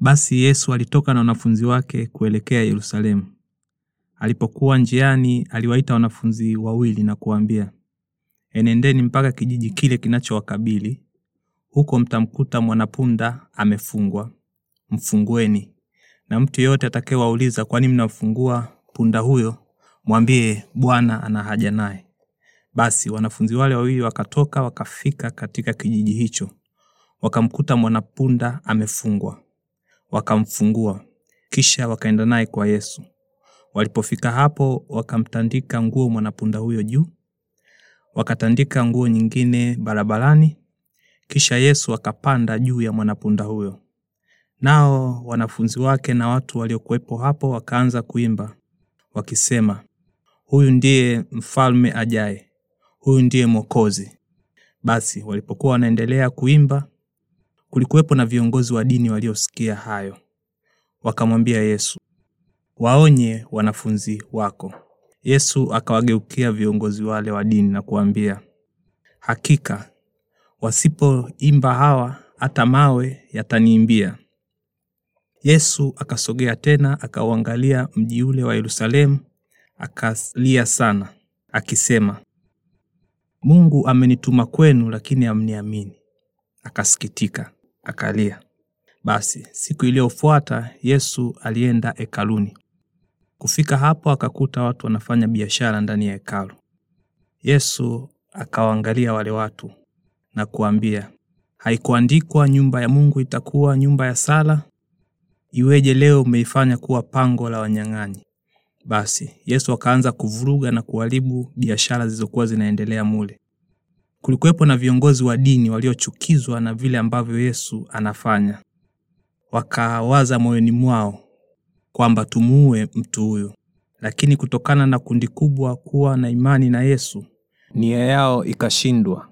Basi Yesu alitoka na wanafunzi wake kuelekea Yerusalemu. Alipokuwa njiani, aliwaita wanafunzi wawili na kuwaambia, enendeni mpaka kijiji kile kinachowakabili huko mtamkuta mwanapunda amefungwa, mfungueni, na mtu yeyote atakayewauliza kwa nini mnamfungua punda huyo, mwambie Bwana ana haja naye. Basi wanafunzi wale wawili wakatoka wakafika katika kijiji hicho, wakamkuta mwanapunda amefungwa, wakamfungua, kisha wakaenda naye kwa Yesu. Walipofika hapo, wakamtandika nguo mwanapunda huyo juu, wakatandika nguo nyingine barabarani. Kisha Yesu akapanda juu ya mwanapunda huyo, nao wanafunzi wake na watu waliokuwepo hapo wakaanza kuimba wakisema, huyu ndiye mfalme ajaye, huyu ndiye Mwokozi. Basi walipokuwa wanaendelea kuimba, Kulikuwepo na viongozi wa dini waliosikia hayo, wakamwambia Yesu, waonye wanafunzi wako. Yesu akawageukia viongozi wale wa dini na kuambia, hakika wasipoimba hawa, hata mawe yataniimbia. Yesu akasogea tena, akauangalia mji ule wa Yerusalemu, akalia sana akisema, Mungu amenituma kwenu, lakini amniamini Akasikitika akalia. Basi siku iliyofuata Yesu alienda hekaluni. Kufika hapo akakuta watu wanafanya biashara ndani ya hekalu. Yesu akawaangalia wale watu na kuambia, haikuandikwa nyumba ya Mungu itakuwa nyumba ya sala? Iweje leo umeifanya kuwa pango la wanyang'anyi? Basi Yesu akaanza kuvuruga na kuharibu biashara zilizokuwa zinaendelea mule. Kulikuwepo na viongozi wa dini waliochukizwa na vile ambavyo Yesu anafanya, wakawaza moyoni mwao kwamba tumuue mtu huyu, lakini kutokana na kundi kubwa kuwa na imani na Yesu, nia yao ikashindwa.